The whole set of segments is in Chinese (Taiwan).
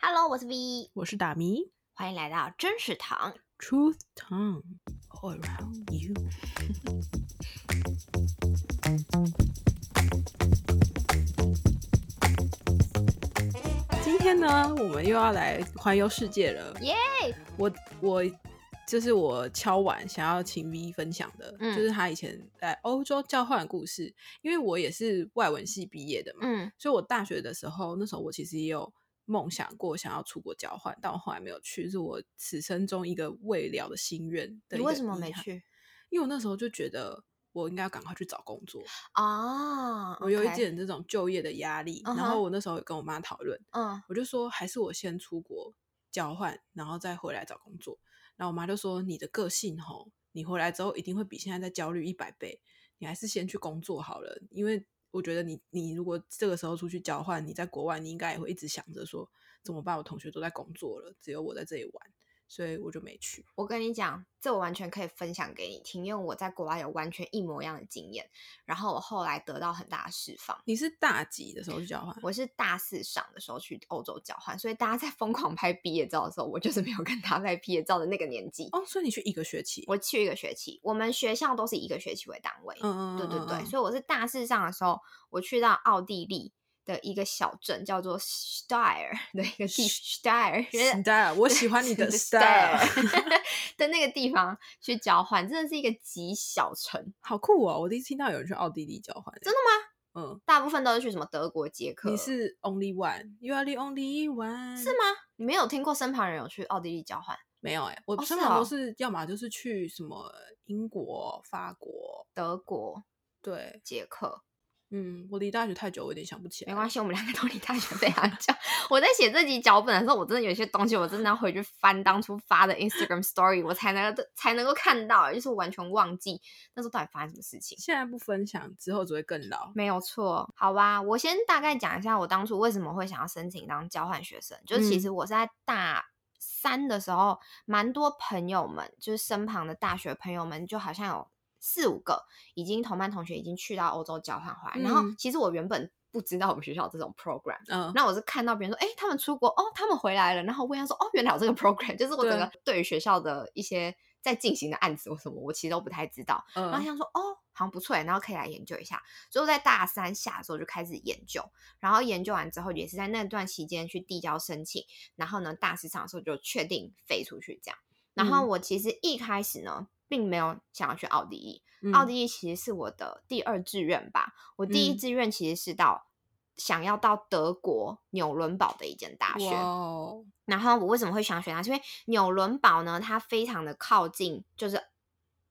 Hello，我是 V，我是大米。歡迎來到真食堂。Truth Tongue around you。 今天呢，我們又要來環遊世界了。耶 Yeah!！我我這、就是我敲碗想要請 V 分享的，嗯、就是他以前在歐洲交換的故事。因為我也是外文系畢業的嘛，嗯、所以我大學的時候，那時候我其實也有。夢想過想要出國交換，但我後來沒有去，是我此生中一個未了的心願。你為什麼沒去？因為我那時候就覺得我應該要趕快去找工作啊，oh, okay. 我有一點這種就業的壓力。Uh huh. 然後我那時候也跟我媽討論，嗯，uh huh. 我就說還是我先出國交換，然後再回來找工作。然後我媽就說：“你的個性吼，你回來之後一定會比現在再焦慮一百倍，你還是先去工作好了，因為。”我覺得你，你如果這個時候出去交換，你在國外，你應該也會一直想着說，怎麼辦？我同學都在工作了，只有我在這裡玩。所以我就沒去。我跟你講，這我完全可以分享給你聽，因為我在國外有完全一模一樣的經驗，然後我後來得到很大的釋放。你是大幾的時候去交換？我是大四上的時候去歐洲交換，所以大家在瘋狂拍畢業照的時候，我就是沒有跟他們拍畢業照的那個年紀。哦，所以你去一個學期？我去一個學期，我們學校都是一個學期為單位。嗯嗯，對對對。所以我是大四上的時候，我去到奧地利。的一個小鎮叫做 Style 的一個 Style，Style，我喜歡你的 Style，的那個地方去交換，真的是一個極小城，好酷啊、哦！我第一次聽到有人去奧地利交換、欸，真的嗎？嗯，大部分都是去什麼德國、捷克。你是 Only One，You are the Only One，是嗎？你沒有聽過身旁人有去奧地利交換？沒有哎、欸，我身旁都是要麼就是去什麼英國、法國、德國，對，捷克。嗯，我離大學太久，我有點想不起來了。沒關係，我們兩個都離大學非常久。 我在寫這集腳本的時候，我真的有些東西，我真的要回去翻 當初發的 Instagram Story，我才能才能夠看到，就是我完全忘記那時候到底發生什麼事情。現在不分享，之後只會更老。沒有錯，好吧，我先大概講一下我當初為什麼會想要申請當交換學生。就其實我是在大三的時候，嗯、蠻多朋友們，就是身旁的大學朋友們，就好像有。四五個已經同班同學已經去到歐洲交換回來，嗯、然後其實我原本不知道我們學校這種 program，那、嗯、我是看到別人說，哎、欸，他們出國哦，他們回來了，然後我跟他說，哦，原來有這個 program，就是我整個對於學校的一些在進行的案子或什麼，我其實都不太知道，嗯、然後想說，哦，好像不錯，然後可以來研究一下，所以在大三下的時候就開始研究，然後研究完之後也是在那段期間去遞交申請，然後呢大四上的時候就確定飛出去這樣，然後我其實一開始呢。嗯並沒有想要去奧地利，奧地利、嗯、奧地利其實是我的第二志願吧。我第一志願其實是到想要到德國紐倫堡的一間大學。哦、然後我為什麼會想選它？因為紐倫堡呢，它非常的靠近就是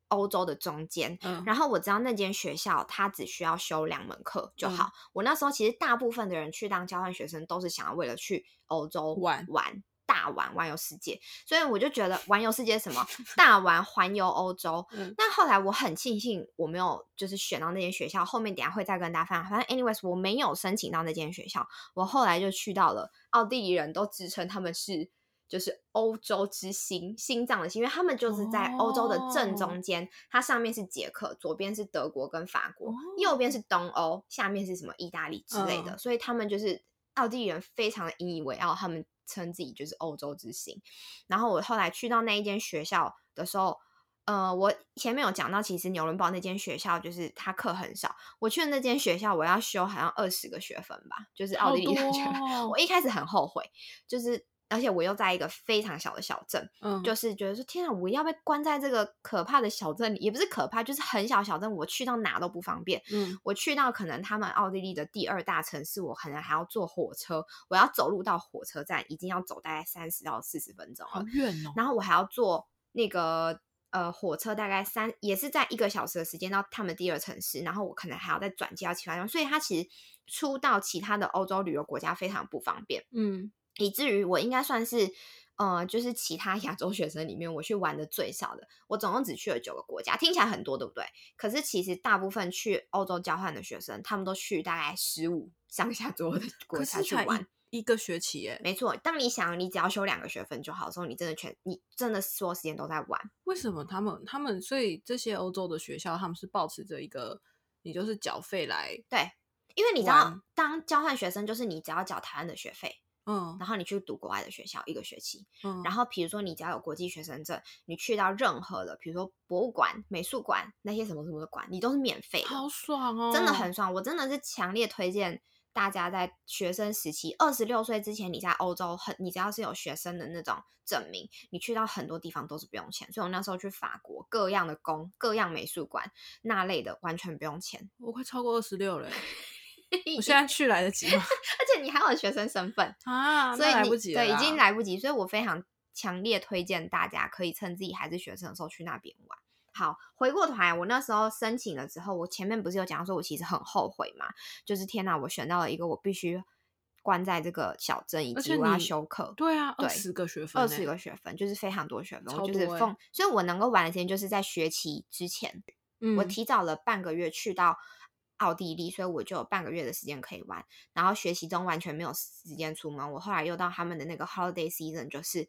歐洲的中間。嗯、然後我知道那間學校，它只需要修兩門課就好。嗯、我那時候其實大部分的人去當交換學生，都是想要為了去歐洲玩玩。大玩環遊世界，所以我就覺得環遊世界是什麼，大玩環遊歐洲。 嗯、但後來我很慶幸我沒有就是選到那間學校。後面等下會再跟大家分享。反正，anyways，我沒有申請到那間學校。我後來就去到了奧地利，人都自稱他們是就是歐洲之心，心臟的心，因為他們就是在歐洲的正中間。Oh. 它上面是捷克，左邊是德國跟法國，oh. 右邊是東歐，下面是什麼意大利之類的。Oh. 所以他們就是奧地利人，非常的引以為傲。他們。稱自己就是歐洲之星，然後我後來去到那一間學校的時候，呃，我前面有講到，其實紐倫堡那間學校就是它課很少。我去的那間學校，我要修好像二十個學分吧，就是奧地利的學分。哦、我一開始很後悔，就是。而且我又在一個非常小的小鎮，嗯，就是覺得說天哪，我要被關在這個可怕的小鎮裡，也不是可怕，就是很小小鎮，我去到哪都不方便，嗯，我去到可能他們奧地利的第二大城市，我可能還要坐火車，我要走路到火車站，已經要走大概三十到四十分鐘了，好遠哦，然後我還要坐那個呃火車，大概三也是在一個小時的時間到他們第二城市，然後我可能還要再轉機到其他地方，所以它其實出到其他的歐洲旅遊國家非常不方便，嗯。以至於我應該算是，呃，就是其他亞洲學生裡面我去玩的最少的。我總共只去了九個國家，聽起來很多，對不對？可是其實大部分去歐洲交換的學生，他們都去大概十五上下左右的國家去玩一個學期。耶，沒錯。當你想你只要修兩個學分就好的時候，你真的全你真的所有時間都在玩。為什麼他們他們所以這些歐洲的學校他們是保持着一個，你就是繳費來，對，因為你知道，玩當交換學生就是你只要繳台灣的學費。嗯，然後你去讀國外的學校一個學期，嗯，然後比如說你只要有國際學生證，你去到任何的，比如說博物館、美術館那些什麼什麼的館，你都是免費的，好爽哦，真的很爽。我真的是強烈推薦大家在學生時期，二十六歲之前你在歐洲很，很你只要是有學生的那種證明，你去到很多地方都是不用錢。所以我那時候去法國各樣的宮、各樣美術館那類的完全不用錢。我快超過二十六了。 我現在去來得及嗎？ 而且你還有學生身份啊，所以來不及了、啊。對，已經來不及，所以我非常強烈推薦大家可以趁自己還是學生的時候去那邊玩。好，回過頭來，我那時候申請了之後，我前面不是有講說我其實很後悔嘛？就是天哪、啊，我選到了一個我必須關在這個小鎮，以及我要修課。對啊，二十對個,、欸、個學分，二十個學分就是非常多學分，我、欸、就是奉，所以我能夠玩的時間就是在學期之前，嗯，我提早了半個月去到。奧地利，所以我就有半個月的時間可以玩，然後學習中完全沒有時間出門。我後來又到他們的那個 holiday season，就是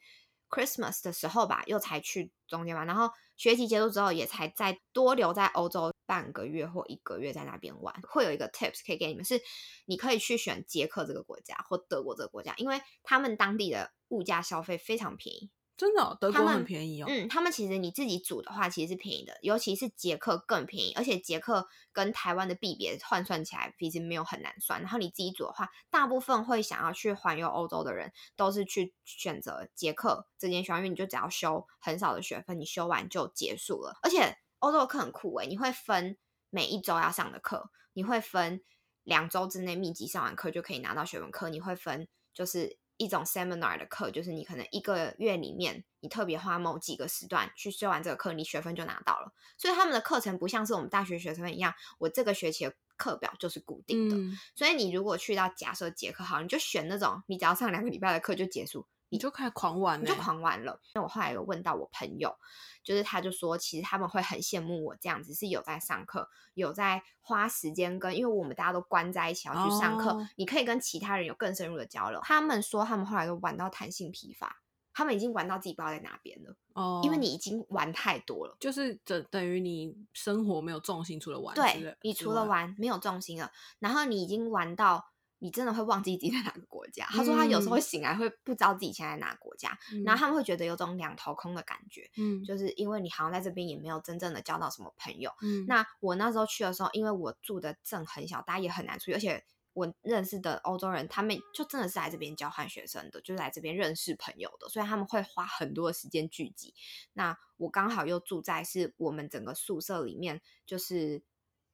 Christmas 的時候吧，又才去中間玩。然後學習結束之後，也才再多留在歐洲半個月或一個月，在那邊玩。會有一個 tips 可以給你們，是你可以去選捷克這個國家或德國這個國家，因為他們當地的物價消費非常便宜。真的、哦，德國很便宜哦。嗯，他們其實你自己組的話，其實是便宜的，尤其是捷克更便宜，而且捷克跟台灣的幣別換算起來其實沒有很難算。然後你自己組的話，大部分會想要去環遊歐洲的人都是去選擇捷克這間學校，因為你就只要修很少的學分，你修完就結束了。而且歐洲的課很酷誒、欸，你會分每一週要上的課，你會分兩週之內密集上完課就可以拿到學分課，你會分就是。一種 seminar 的課，就是你可能一個月裡面，你特別花某幾個時段去修完這個課，你學分就拿到了。所以他們的課程不像是我們大學學生一樣，我這個學期的課表就是固定的。嗯。所以你如果去到假設捷克好，你就選那種，你只要上兩個禮拜的課就結束。你就開始狂玩、欸你，你就狂玩了。那我後來有問到我朋友，就是他就說，其實他們會很羨慕我這樣子，是有在上課，有在花時間跟，因為我們大家都關在一起要去上課，oh. 你可以跟其他人有更深入的交流。他們說他們後來都玩到彈性疲乏，他們已經玩到自己不知道在哪邊了。哦，oh. 因為你已經玩太多了，就是等等於你生活沒有重心，除了玩。對，你除了玩沒有重心了，然後你已經玩到。你真的會忘記自己在哪個國家？他說他有時候醒來會不知道自己現在哪個國家，嗯，然後他們會覺得有種兩頭空的感覺，嗯，就是因為你好像在這邊也沒有真正的交到什麼朋友。嗯，那我那時候去的時候，因為我住的鎮很小，大家也很難出去，而且我認識的歐洲人，他們就真的是來這邊交換學生的，就是來這邊認識朋友的，所以他們會花很多的時間聚集。那我剛好又住在是我們整個宿舍裡面，就是。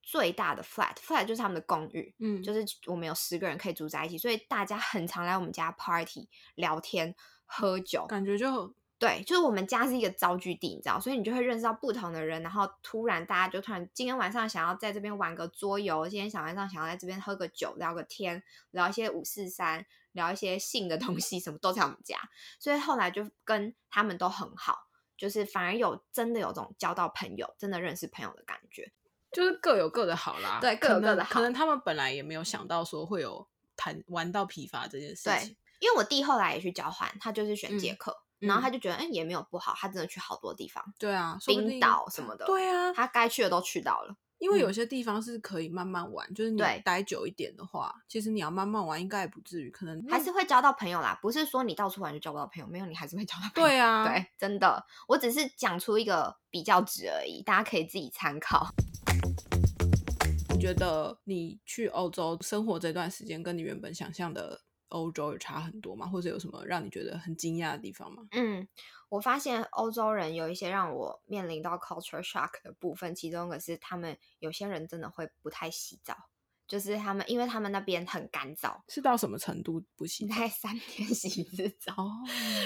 最大的 flat flat 就是他們的公寓，嗯，就是我們有十個人可以住在一起，所以大家很常來我們家 party 聊天喝酒，感覺就對，就是我們家是一個招聚地，你知道，所以你就會認識到不同的人，然後突然大家就突然今天晚上想要在這邊玩個桌遊，今天晚上想要在這邊喝個酒聊個天，聊一些五四三，聊一些性的東西，什麼都在我們家，所以後來就跟他們都很好，就是反而有真的有種交到朋友，真的認識朋友的感覺。就是各有各的好啦，對，各有各的好。可能他們本來也沒有想到說會有談玩到疲乏這件事情。對，因為我弟後來也去交換，他就是選捷克，然後他就覺得，嗯也沒有不好，他真的去好多地方。對啊，冰島什麼的。對啊，他該去的都去到了。因為有些地方是可以慢慢玩，就是你待久一點的話，其實你要慢慢玩，應該也不至於，可能還是會交到朋友啦。不是說你到處玩就交不到朋友，沒有，你還是會交到朋友。對啊，對，真的，我只是講出一個比較值而已，大家可以自己參考。你覺得你去歐洲生活這段時間，跟你原本想象的歐洲有差很多嗎？或者有什麼讓你覺得很驚訝的地方嗎？嗯，我發現歐洲人有一些讓我面臨到 culture shock 的部分，其中可是他們有些人真的會不太洗澡。就是他們，因為他們那邊很乾燥，是到什麼程度不行？大概三天洗一次澡，oh.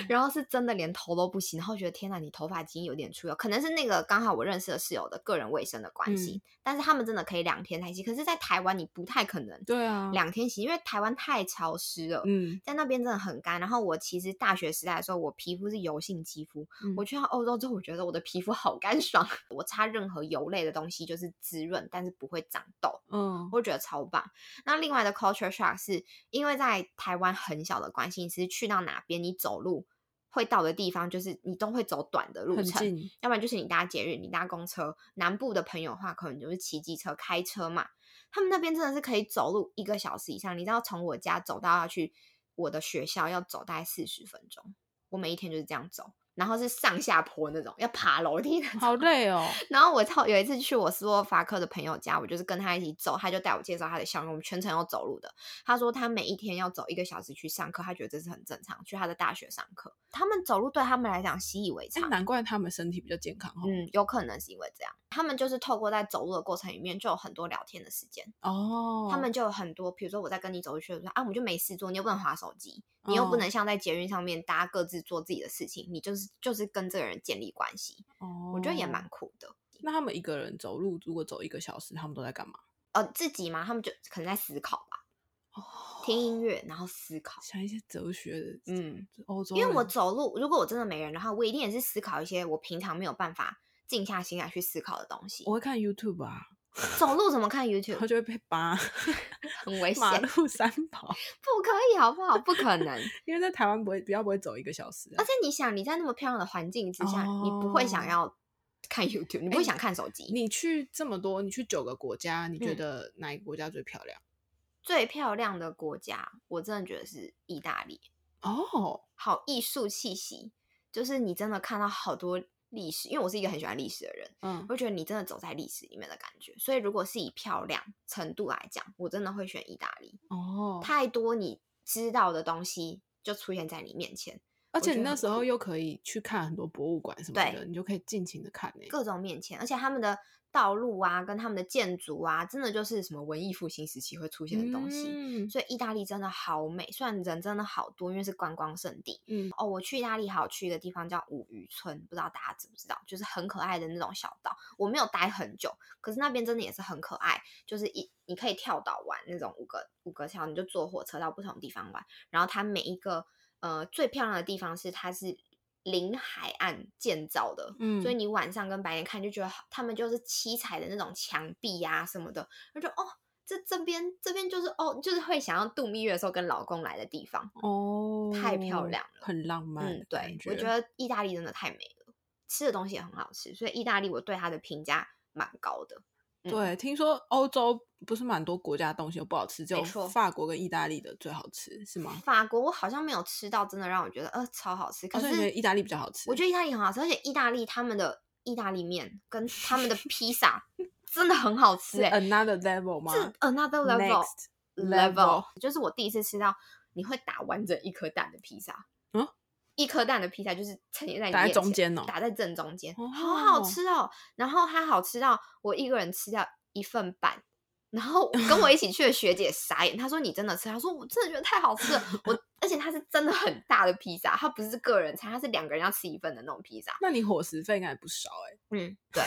然後是真的連頭都不洗。然後覺得天哪，你頭髮已經有點出油，可能是那個剛好我認識的室友的個人衛生的關係。嗯、但是他們真的可以兩天才洗，可是，在台灣你不太可能，對啊，兩天洗，啊、因為台灣太潮濕了。嗯，在那邊真的很乾。然後我其實大學時代的時候，我皮膚是油性肌膚。嗯、我去到歐洲之後，我覺得我的皮膚好乾爽，嗯、 我擦任何油類的東西就是滋潤，但是不會長痘。嗯，我覺得。超棒！那另外的 culture shock 是因為在台灣很小的關係，其實去到哪邊，你走路會到的地方，就是你都會走短的路程，近要不然就是你搭捷運、你搭公車。南部的朋友的話，可能就是騎機車、開車嘛。他們那邊真的是可以走路一個小時以上。你知道，從我家走到要去我的學校，要走大概四十分鐘。我每一天就是這樣走。然後是上下坡那種，要爬樓梯，好累哦。然後我有一次去我斯洛伐克的朋友家，我就是跟他一起走，他就帶我介紹他的校園，我們全程有走路的。他說他每一天要走一個小時去上課，他覺得這是很正常。去他的大學上課，他們走路對他們來講習以為常，難怪他們身體比較健康哦，嗯，有可能是因為這樣。他們就是透過在走路的過程裡面，就有很多聊天的時間哦。Oh. 他們就有很多，比如說我在跟你走過去的時候，啊，我們就沒事做，你又不能滑手機，oh. 你又不能像在捷運上面大家各自做自己的事情，你就是就是跟這個人建立關係哦。Oh. 我覺得也蠻酷的。那他們一個人走路，如果走一個小時，他們都在幹嘛？呃，自己嘛，他們就可能在思考吧，oh. 聽音樂然後思考，想一些哲學的，嗯，歐洲。因為我走路，如果我真的沒人的話，我一定也是思考一些我平常沒有辦法。靜下心來去思考的東西。我會看 YouTube 啊，走路怎麼看 YouTube？他就會被扒， 很危險險。馬路三跑，不可以好不好？不可能， 因為在台灣不會比較不會走一個小時，啊。而且你想，你在那麼漂亮的環境之下，oh. 你不會想要看 YouTube，你不會想看手機，欸。你去這麼多，你去九個國家，你覺得哪一個國家最漂亮？嗯、最漂亮的國家，我真的覺得是義大利哦，oh. 好藝術氣息，就是你真的看到好多。歷史，因為我是一個很喜歡歷史的人，嗯，我覺得你真的走在歷史裡面的感覺。嗯。所以，如果是以漂亮程度來講，我真的會選意大利。哦，太多你知道的東西就出現在你面前。而且你那時候又可以去看很多博物館什麼的，對你就可以盡情的看，欸，各種面前，而且他們的道路啊，跟他們的建築啊，真的就是什麼文藝復興時期會出現的東西。嗯、所以意大利真的好美，雖然人真的好多，因為是觀光勝地。嗯、哦，我去意大利還有去一個地方叫五漁村，不知道大家知不知道？就是很可愛的那種小島。我沒有待很久，可是那邊真的也是很可愛，就是一你可以跳島玩那種五個五個小，你就坐火車到不同地方玩。然後它每一個。呃，最漂亮的地方是它是臨海岸建造的，嗯，所以你晚上跟白天看就覺得好，他們就是七彩的那種牆壁呀什麼的，我就哦，這這邊這邊就是哦，就是會想要度蜜月的時候跟老公來的地方哦，太漂亮了，很浪漫。嗯，對，我覺得意大利真的太美了，吃的東西也很好吃，所以意大利我對它的評價蠻高的。對，嗯、聽說歐洲不是蠻多國家的東西都不好吃，只有法國跟意大利的最好吃，沒錯。是嗎？法國我好像沒有吃到，真的讓我覺得，呃，超好吃。可是因為意大利比較好吃，我覺得意大利很好吃，而且意大利他們的意大利麵跟他們的披薩真的很好吃，欸、 ，Another level 嗎？是 Another level Next level, level. 就是我第一次吃到你會打完整一顆蛋的披薩。一顆蛋的披薩就是沉澱在你面前打在中間哦，打在正中間，oh, 好好吃哦。Oh. 然後它好吃到我一個人吃掉一份半，然後跟我一起去的學姐傻眼，她 說：“你真的吃？”她說：“我真的覺得太好吃了。” 我。而且它是真的很大的披薩，它不是個人餐，它是兩個人要吃一份的那種披薩。那你夥食費應該也不少哎，欸。嗯， 對，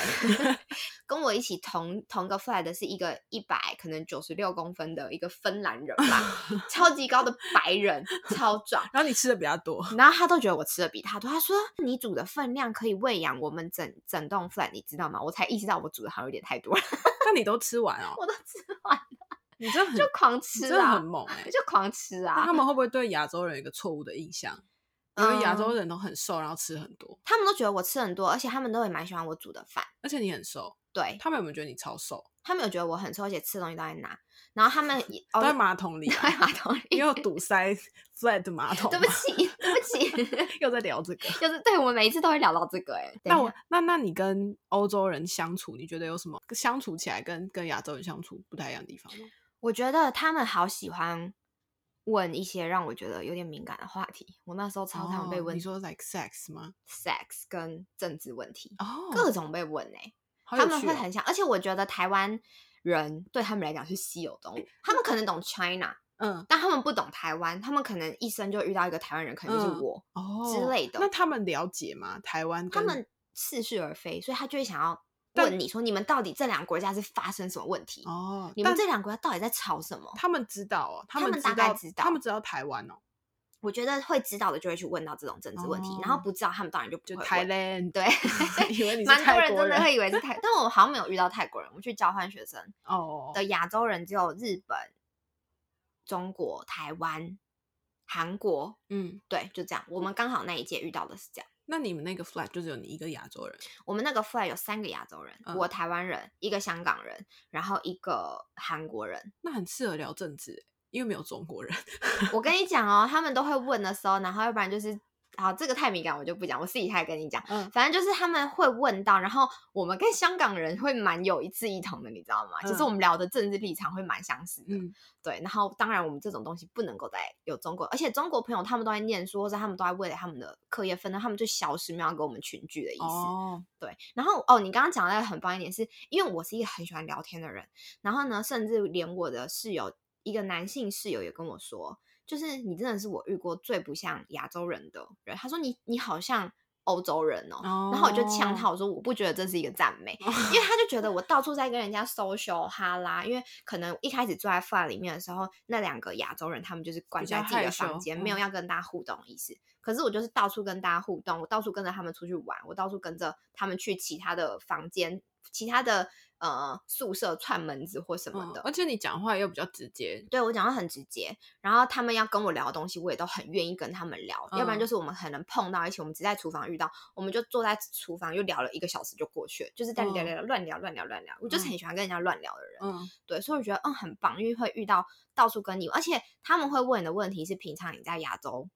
跟我一起同同個 flat 的是一個一百可能九十六公分的一個芬蘭人吧， 超級高的白人，超壯。 然後你吃的比較多，然後他都覺得我吃的比他多。他說你煮的分量可以餵養我們整整棟 flat，你知道嗎？我才意識到我煮的好像有點太多了。那 你都吃完哦？我都吃完你這就狂吃啊！真的很猛哎，就狂吃啊！他們會不會對亞洲人有一個錯誤的印象？因為亞洲人都很瘦，然後吃很多。他們都覺得我吃很多，而且他們都也蠻喜歡我煮的飯。而且你很瘦。對。他們有沒有覺得你超瘦？他們有覺得我很瘦，而且吃東西都在拿，然後他們也哦，在馬桶裡，在馬桶裡，又堵塞 flat 馬桶。對不起，對不起，又在聊這個。就是對，我們每一次都會聊到這個哎。那我那那你跟歐洲人相處，你覺得有什麼相處起來跟跟亞洲人相處不太一樣的地方嗎？我覺得他們好喜歡問一些讓我覺得有點敏感的話題，我那時候常常被問、哦，你說 like sex 嗎？sex 跟政治問題，哦、各種被問誒、欸。哦、他們會很想，而且我覺得台灣人對他們來講是稀有動物，他們可能懂 China，嗯，但他們不懂台灣，他們可能一生就遇到一個台灣人，可能就是我、嗯哦、之類的。那他們了解嗎？台灣？他們似是而非，所以他就會想要。問你說，你們到底這兩個國家是發生什麼問題？哦，你們這兩個國家到底在吵什麼？他們知道哦，他們、他們大概知道，他們知道台灣哦。我覺得會知道的就會去問到這種政治問題，哦、然後不知道他們當然就不會問。對， 以為你是泰國人，蠻多人真的會以為是泰， 但我好像沒有遇到泰國人。我去交換學生哦的亞洲人只有日本、中國、台灣、韓國。嗯，對，就這樣。我們剛好那一屆遇到的是這樣。那你們那個 flat 就只有你一個亞洲人？我們那個 flat 有三個亞洲人，嗯。我台灣人，一個香港人，然後一個韓國人。那很適合聊政治欸，因為沒有中國人。 我跟你講哦，他們都會問的時候，然後要不然就是。好、啊，這個太敏感，我就不講。我自己還跟你講，嗯、反正就是他們會問到，然後我們跟香港人會蠻有一致一同的，你知道嗎？嗯、就是我們聊的政治立場會蠻相似的，嗯、對。然後當然，我們這種東西不能夠在有中國，而且中國朋友他們都在念書，或者他們都在為了他們的課業分，他們就小時沒有給我們群聚的意思。哦、對。然後哦，你剛剛講的很棒一點是，是因為我是一個很喜歡聊天的人，然後呢，甚至連我的室友一個男性室友也跟我說。就是你真的是我遇過最不像亞洲人的人。他說，你你好像歐洲人哦，oh. 然後我就嗆他，我說我不覺得這是一個讚美，oh. 因為他就覺得我到處在跟人家 social、oh. 哈拉。因為可能一開始坐在 flat 裡面的時候，那兩個亞洲人他們就是關在自己的房間，沒有要跟大家互動的意思。嗯、可是我就是到處跟大家互動，我到處跟着他們出去玩，我到處跟着他們去其他的房間。其他的呃宿舍，串門子或什麼的，嗯、而且你講話又比較直接，對，我講話很直接。然後他們要跟我聊的東西，我也都很願意跟他們聊。嗯、要不然就是我們很能碰到一起，我們只在廚房遇到，我們就坐在廚房又聊了一個小時就過去了，就是在聊聊嗯、亂聊亂聊亂聊。我就是很喜歡跟人家亂聊的人，嗯、對，所以我覺得嗯很棒，因為會遇到到處跟你，而且他們會問你的問題是平常你在亞洲。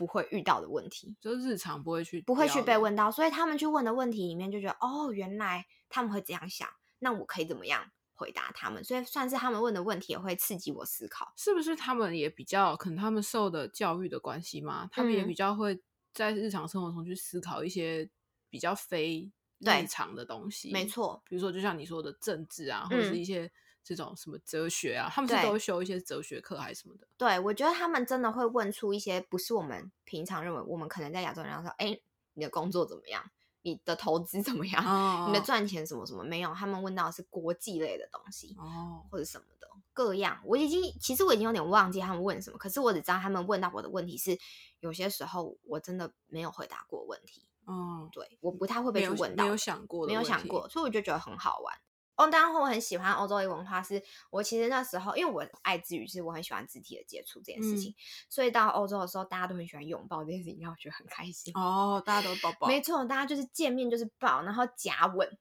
不會遇到的問題，就日常不會去不會去被問到，所以他們去問的問題裡面，就覺得哦，原來他們會這樣想，那我可以怎麼樣回答他們？所以算是他們問的問題也會刺激我思考，是不是他們也比較可能他們受的教育的關係嗎？他們也比較會在日常生活中去思考一些比較非日常的東西，對，沒錯，比如說就像你說的政治啊，或者是一些。嗯這種什麼哲學啊，他們是都修一些哲學課還是什麼的？對。對，我覺得他們真的會問出一些不是我們平常認為，我們可能在亞洲人上說，哎，你的工作怎麼樣？你的投資怎麼樣？哦、你的賺錢什麼什麼沒有？他們問到的是國際類的東西，哦，或者什麼的各樣。我已經其實我已經有點忘記他們問什麼，可是我只知道他們問到我的問題是，有些時候我真的沒有回答過問題。嗯、哦。對，我不太會被人有問到，沒有想過的，沒有想過，所以我就覺得很好玩。當然，但我很喜歡歐洲的文化是，是我其實那時候，因為我愛之語是，我很喜歡肢體的接觸這件事情，嗯、所以到歐洲的時候，大家都很喜歡擁抱這件事情，讓我覺得很開心。哦，大家都抱抱。沒錯，大家就是見面就是抱，然後夾吻，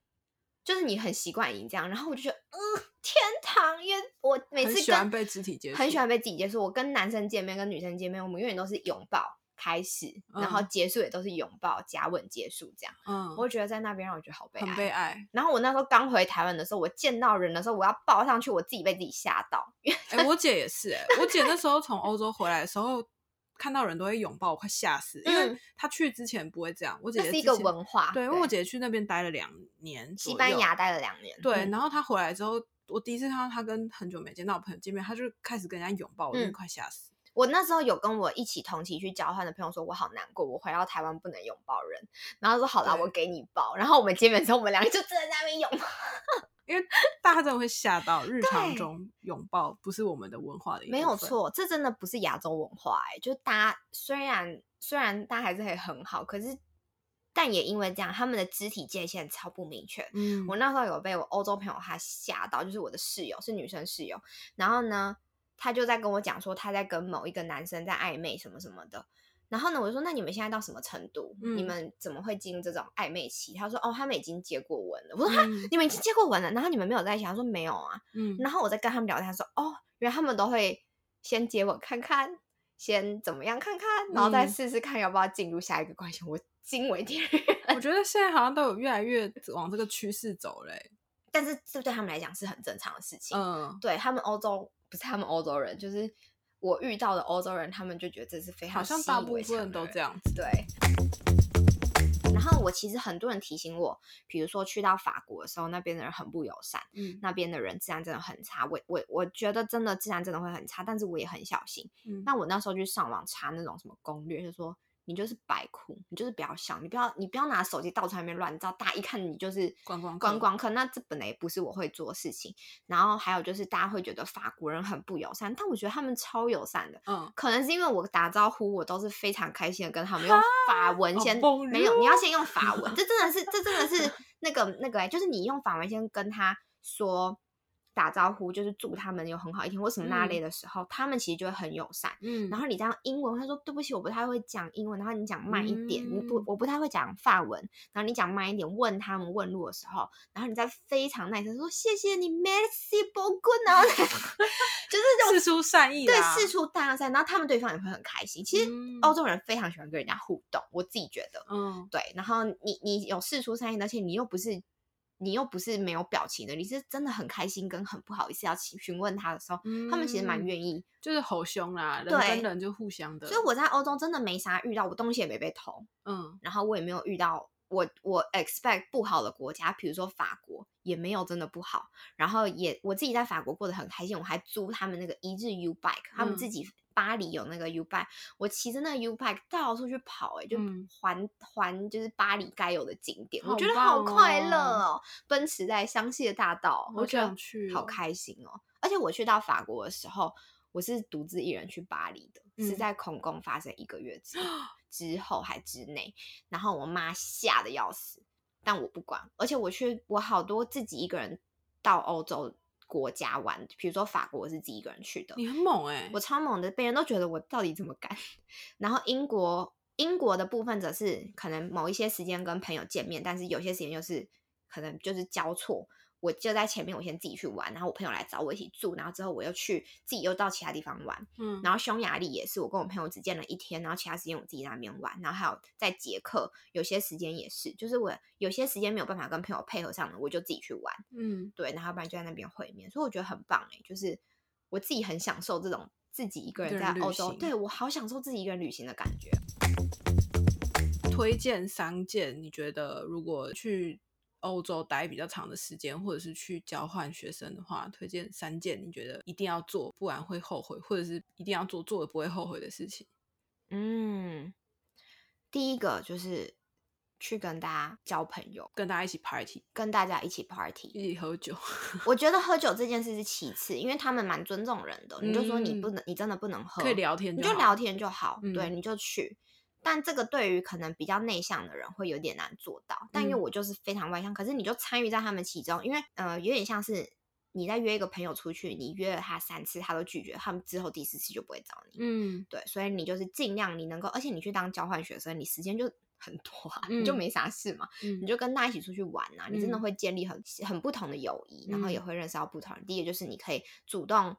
就是你很習慣贏這樣，然後我就覺得，呃、天堂耶！因為我每次喜歡被肢體接觸，很喜歡被肢體接觸。我跟男生見面，跟女生見面，我們永遠都是擁抱。開始，然後結束也都是擁抱、夾吻、嗯、結束這樣。嗯，我覺得在那邊讓我覺得好悲哀。很悲哀。然後我那時候剛回台灣的時候，我見到人的時候，我要抱上去，我自己被自己嚇到。哎、欸， 我姐也是、欸。哎，我姐那時候從歐洲回來的時候， 看到人都會擁抱，我快嚇死。因為她去之前不會這樣。我姐姐，這是一個文化。對，因為對我姐去那邊待了兩年，西班牙待了兩年。對，然後她回來之後，我第一次看到她跟很久沒見到的朋友見面，她就開始跟人家擁抱，我真快嚇死。嗯我那時候有跟我一起同期去交換的朋友說，我好難過，我回到台灣不能擁抱人。然後說好，好啦對，我給你抱。然後我們見面之後，我們兩個就坐在那邊擁抱，因為大家真的會嚇到。日常中擁抱不是我們的文化的一部分，對沒有錯，這真的不是亞洲文化哎、欸。就大家雖然雖然大家還是可以很好，可是但也因為這樣，他們的肢體界限超不明確。嗯，我那時候有被我歐洲朋友他嚇到，就是我的室友是女生室友，然後呢。他就在跟我講說，他在跟某一個男生在曖昧什麼什麼的。然後呢，我就說，那你們現在到什麼程度？嗯、你們怎麼會進入這種曖昧期？他說，哦，他們已經接過吻了。我說，哈、嗯，你們已經接過吻了，然後你們沒有在一起？他說，沒有啊。嗯。然後我在跟他們聊天，說，哦，原來他們都會先接吻看看，先怎麼樣看看，嗯、然後再試試看要不要進入下一個關係。我驚為天人。 我覺得現在好像都有越來越往這個趨勢走嘞、欸。但是，這對他們來講是很正常的事情。嗯，對他們歐洲。不是他們歐洲人，就是我遇到的歐洲人，他們就覺得這是非常稀鬆平常，好像大部分人都這樣子。對。然後我其實很多人提醒我，比如說去到法國的時候，那邊的人很不友善，嗯，那邊的人自然真的很差。我我我覺得真的自然真的會很差，但是我也很小心。嗯。那我那時候去上網查那種什麼攻略，就是說。你就是擺酷，你就是不要笑，你不要你不要拿手機到處外面亂照，大家一看你就是觀光客觀光客。那這本來也不是我會做的事情。然後還有就是大家會覺得法國人很不友善，但我覺得他們超友善的。嗯，可能是因為我打招呼，我都是非常開心的跟他們用法文先，沒有你要先用法文， 這真的是這真的是那個那個哎、欸，就是你用法文先跟他說。打招呼就是祝他們有很好一天或是什麼那類的時候，嗯、他們其實就會很友善。嗯，然後你講英文，他說對不起，我不太會講英文。然後你講慢一點，嗯、你不我不太會講法文。然後你講慢一點，問他們問路的時候，然後你再非常耐心說謝謝你，Merci、嗯、beaucoup 呢， 就是這種四處善意對四處大善然後他們對方也會很開心。其實歐洲人非常喜歡跟人家互動，我自己覺得，嗯對。然後你你有四處善意，而且你又不是，你又不是沒有表情的，你是真的很開心跟很不好意思要詢問他的時候，嗯，他們其實蠻願意，就是吼凶啦，對人跟人就互相的。所以我在歐洲真的沒啥遇到，我東西也沒被偷，嗯，然後我也沒有遇到。我我 expect 不好的國家，比如說法國也沒有真的不好。然後也我自己在法國過得很開心，我還租他們那個一日 U bike，、嗯、他們自己巴黎有那個 U bike，我騎着那個 U bike 到處去跑、欸，哎、嗯，就環環就是巴黎該有的景點，嗯、我覺得好快樂哦！哦奔馳在香榭大道，我覺得，好開心哦！而且我去到法國的時候。我是獨自一人去巴黎的，嗯、是在恐攻發生一個月之之後還之內，然後我媽嚇得要死，但我不管，而且我去我好多自己一個人到歐洲國家玩，比如說法國我是自己一個人去的，你很猛誒、欸、我超猛的，被人都覺得我到底怎麼敢，然後英國英國的部分則是可能某一些時間跟朋友見面，但是有些時間又、就是可能就是交錯。我就在前面，我先自己去玩，然後我朋友來找我一起住，然後之後我又去自己又到其他地方玩，嗯，然後匈牙利也是，我跟我朋友只見了一天，然後其他時間我自己在那邊玩，然後還有在捷克，有些時間也是，就是我有些時間沒有辦法跟朋友配合上的，我就自己去玩，嗯，對，然後不然就在那邊會面，所以我覺得很棒欸，就是我自己很享受這種自己一個人在歐洲，對我好享受自己一個人旅行的感覺。推薦三件，你覺得如果去？歐洲待比較長的時間，或者是去交換學生的話，推薦三件你覺得一定要做，不然會後悔，或者是一定要做做不會後悔的事情。嗯，第一個就是去跟大家交朋友，跟大家一起 party，跟大家一起 party，一起喝酒。 我覺得喝酒這件事是其次，因為他們蠻尊重人的。你就說你不能，嗯、你真的不能喝，可以聊天，你就聊天就好。嗯、對，你就去。但這個對於可能比較內向的人會有點難做到，但因為我就是非常外向，嗯、可是你就參與在他們其中，因為呃有點像是你在約一個朋友出去，你約了他三次，他都拒絕，他們之後第四次就不會找你，嗯，對，所以你就是盡量你能夠，而且你去當交換學生，你時間就很多啊，你就沒啥事嘛，嗯、你就跟他一起出去玩啊，嗯、你真的會建立很很不同的友誼，然後也會認識到不同人。嗯、第一個就是你可以主動。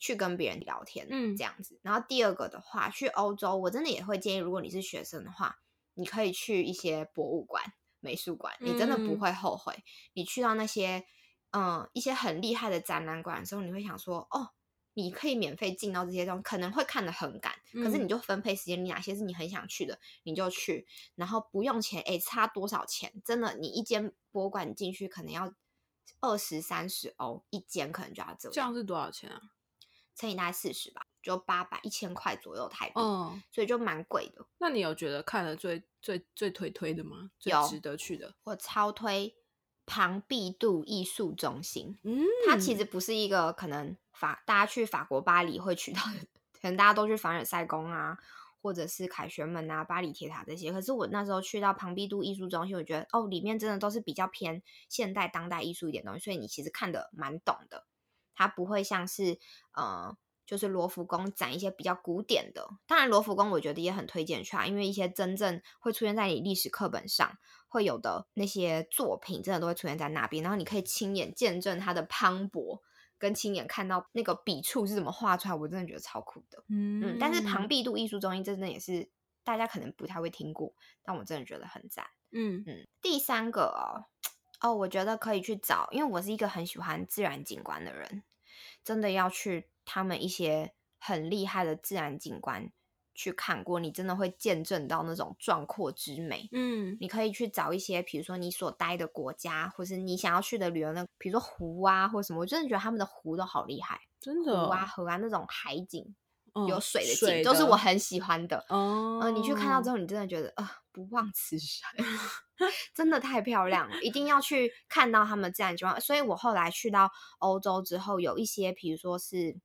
去跟別人聊天，嗯，這樣子。嗯、然後第二個的話，去歐洲我真的也會建議，如果你是學生的話，你可以去一些博物館、美術館，你真的不會後悔。嗯、你去到那些，嗯、呃，一些很厲害的展覽館的時候，你會想說，哦，你可以免費進到這些地方，可能會看得很趕，可是你就分配時間，你、嗯、哪些是你很想去的，你就去，然後不用錢，哎、欸，差多少錢？真的，你一間博物館你進去可能要二十、三十歐，一間可能就要這樣。這樣是多少錢啊？乘以大概四十吧，就八百一千塊左右台幣，oh. 所以就蠻貴的。那你有覺得看了最最最推推的嗎？有最值得去的。我超推龐畢度藝術中心，嗯、它其實不是一個可能法大家去法國巴黎會去到的，可能大家都去凡爾賽宮啊，或者是凱旋門啊、巴黎鐵塔這些。可是我那時候去到龐畢度藝術中心，我覺得哦，裡面真的都是比較偏現代當代藝術一點的東西，所以你其實看得蠻懂的。它不會像是，呃，就是羅浮宮展一些比較古典的。當然，羅浮宮我覺得也很推薦去啊，因為一些真正會出現在你歷史課本上會有的那些作品，真的都會出現在那邊。然後你可以親眼見證它的磅礴，跟親眼看到那個筆觸是怎麼畫出來，我真的覺得超酷的。嗯，嗯，但是龐畢度藝術中心真的也是大家可能不太會聽過，但我真的覺得很讚。嗯嗯，第三個哦哦，我覺得可以去找，因為我是一個很喜歡自然景觀的人。真的要去他們一些很厲害的自然景觀去看過，你真的會見證到那種壯闊之美。嗯，你可以去找一些，比如說你所待的國家，或是你想要去的旅遊，那比如說湖啊，或什麼，我真的覺得他們的湖都好厲害，真的哦，湖啊，河啊，那種海景。有水的景點、哦、水的都是我很喜歡的。哦、呃，你去看到之後，你真的覺得啊、呃，不枉此生。 真的太漂亮了， 一定要去看到他們自然景觀。所以我後來去到歐洲之後，有一些，比如說是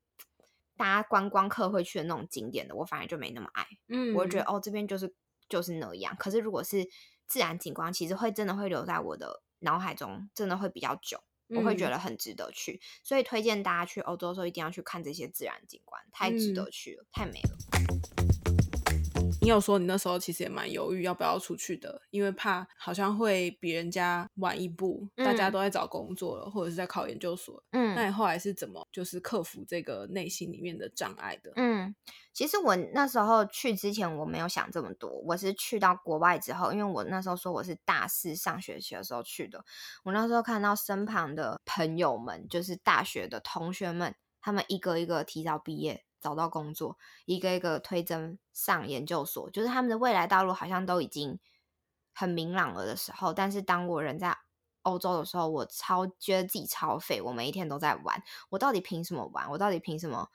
大家觀光客會去的那種景點的，我反而就沒那麼愛。嗯，我就覺得哦，這邊就是就是那樣。可是如果是自然景觀，其實會真的會留在我的腦海中，真的會比較久。我會覺得很值得去，嗯，所以推薦大家去歐洲的時候一定要去看這些自然景觀，太值得去了，嗯，太美了。你有說你那時候其實也蠻猶豫要不要出去的，因為怕好像會比人家晚一步，嗯、大家都在找工作了，或者是在考研究所。嗯，那你後來是怎麼就是克服這個內心裡面的障礙的？嗯，其實我那時候去之前我沒有想這麼多，我是去到國外之後，因為我那時候說我是大四上學期的時候去的，我那時候看到身旁的朋友們，就是大學的同學們，他們一個一個提早畢業，找到工作，一個一個推甄上研究所，就是他們的未來道路好像都已經很明朗了的時候。但是當我人在歐洲的時候，我超覺得自己超廢，我每一天都在玩，我到底憑什麼玩？我到底憑什麼？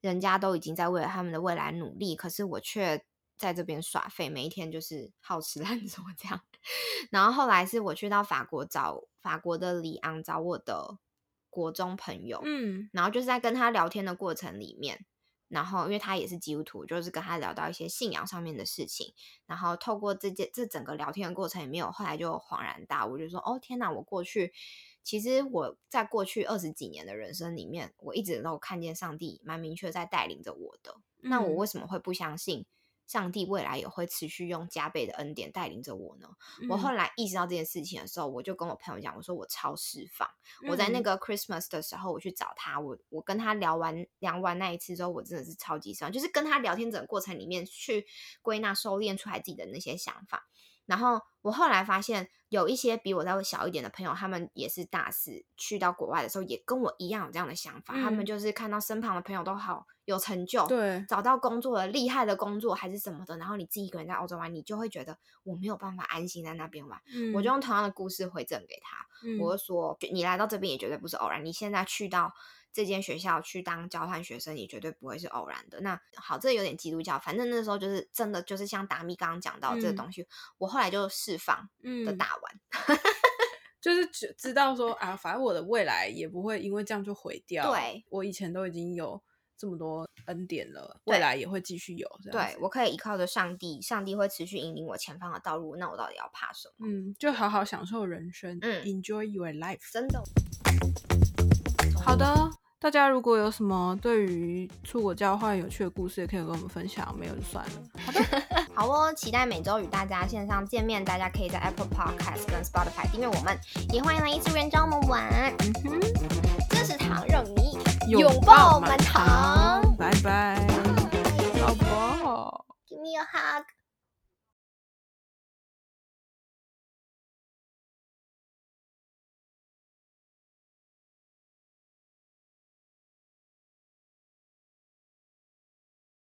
人家都已經在為了他們的未來努力，可是我卻在這邊耍廢，每一天就是好吃懶做這樣。 然後後來是我去到法國找法國的裡昂，找我的國中朋友，嗯，然後就是在跟他聊天的過程裡面。然後，因為他也是基督徒，就是跟他聊到一些信仰上面的事情。然後透過這件這整個聊天的過程，也沒有，後來就恍然大悟，我就說：“哦，天哪！我過去其實我在過去二十幾年的人生裡面，我一直都看見上帝蠻明確在帶領着我的。嗯、那我為什麼會不相信？”上帝未來也會持續用加倍的恩典帶領着我呢。嗯、我後來意識到這件事情的時候，我就跟我朋友講，我說我超釋放。嗯、我在那個 Christmas 的時候，我去找他，我我跟他聊完聊完那一次之後，我真的是超級釋放，就是跟他聊天整個過程裡面去歸納、收斂出來自己的那些想法。然後我後來發現，有一些比我稍微小一點的朋友，他們也是大四去到國外的時候，也跟我一樣有這樣的想法。嗯、他們就是看到身旁的朋友都好有成就，對，找到工作了，厲害的工作還是什麼的。然後你自己一個人在歐洲玩，你就會覺得我沒有辦法安心在那邊玩。嗯、我就用同樣的故事回贈給他，嗯、我就說你來到這邊也絕對不是偶然，你現在去到。這間學校去當交換學生，也絕對不會是偶然的。那好，這有點基督教，反正那時候就是真的，就是像達米剛剛講到這個東西，嗯、我後來就釋放的打完，嗯、 就是知知道說，啊，反正我的未來也不會因為這樣就毀掉。對，我以前都已經有這麼多恩典了，未來也會繼續有。對，對，我可以依靠着上帝，上帝會持續引領我前方的道路。那我到底要怕什麼？嗯，就好好享受人生。嗯，Enjoy your life。真的，oh. 好的。大家如果有什麼對於出國交換有趣的故事，也可以跟我們分享，沒有就算了。 好哦，期待每周與大家線上見面。大家可以在 Apple Podcast 跟 Spotify 訂閱我們，嗯、哼也歡迎來一直留言找我們玩。嗯，哼，真食堂，讓你擁抱滿堂。拜拜 Bye. 老伯，Give Me A Hug。